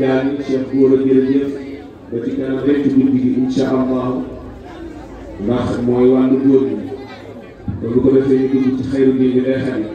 Tidiane Cheikh Gora jërëjëf ba ci kanam rek ci guddi gi incha allahu ndax mooy wàllu góor ñi te bu ko defee ñu dugg ci xayru bi ñu lay xamee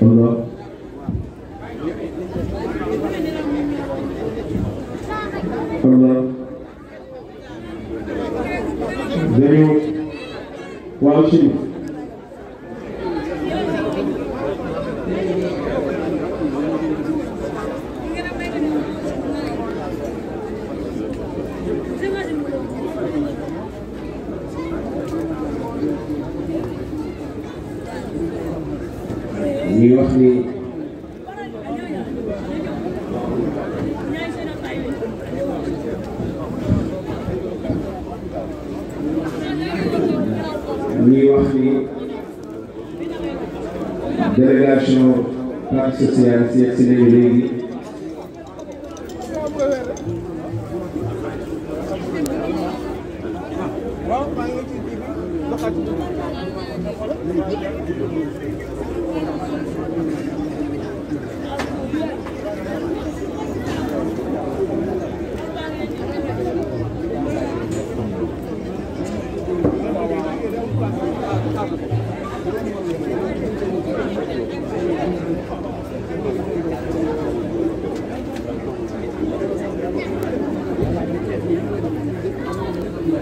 Voilà. Voilà. Vous a n e z v o l à chez n o u ñuy wax ni délégation parti socialiste yegg si nañu léegi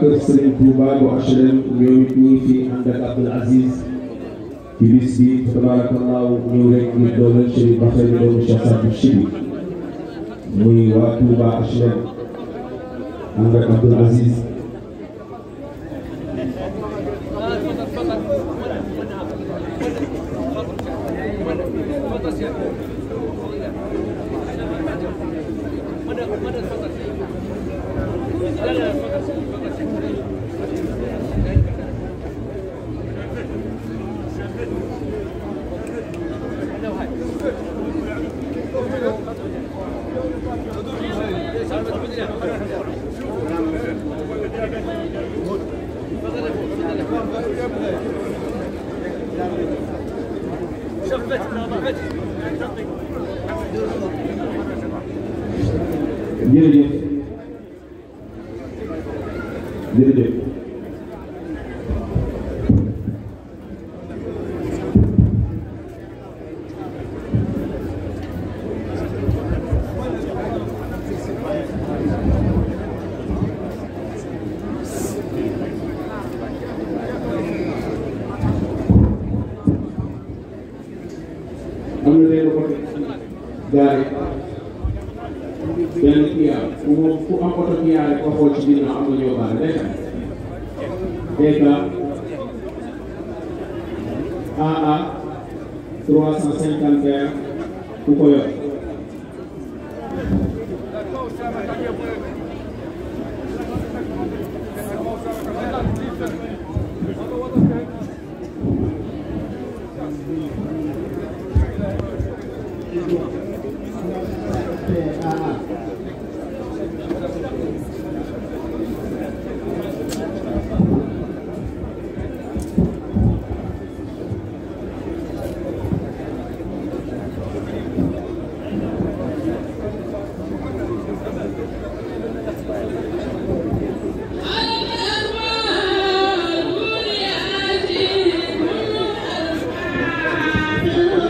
kër Serigne Touba bu HLM ñëw it ñu ngi fi ànd ak Abdoul Aziz ci bis bi tabaarakallaahu ñëw rek ngir dooleel Chérif Bakhsa ñu doomu Cheikh Sadou Chibi muy waa Touba HLM ànd ak Abdoul Aziz jërëjëf jërëjëf Pałacu Weselika NP Ukojowy. Thank you. you.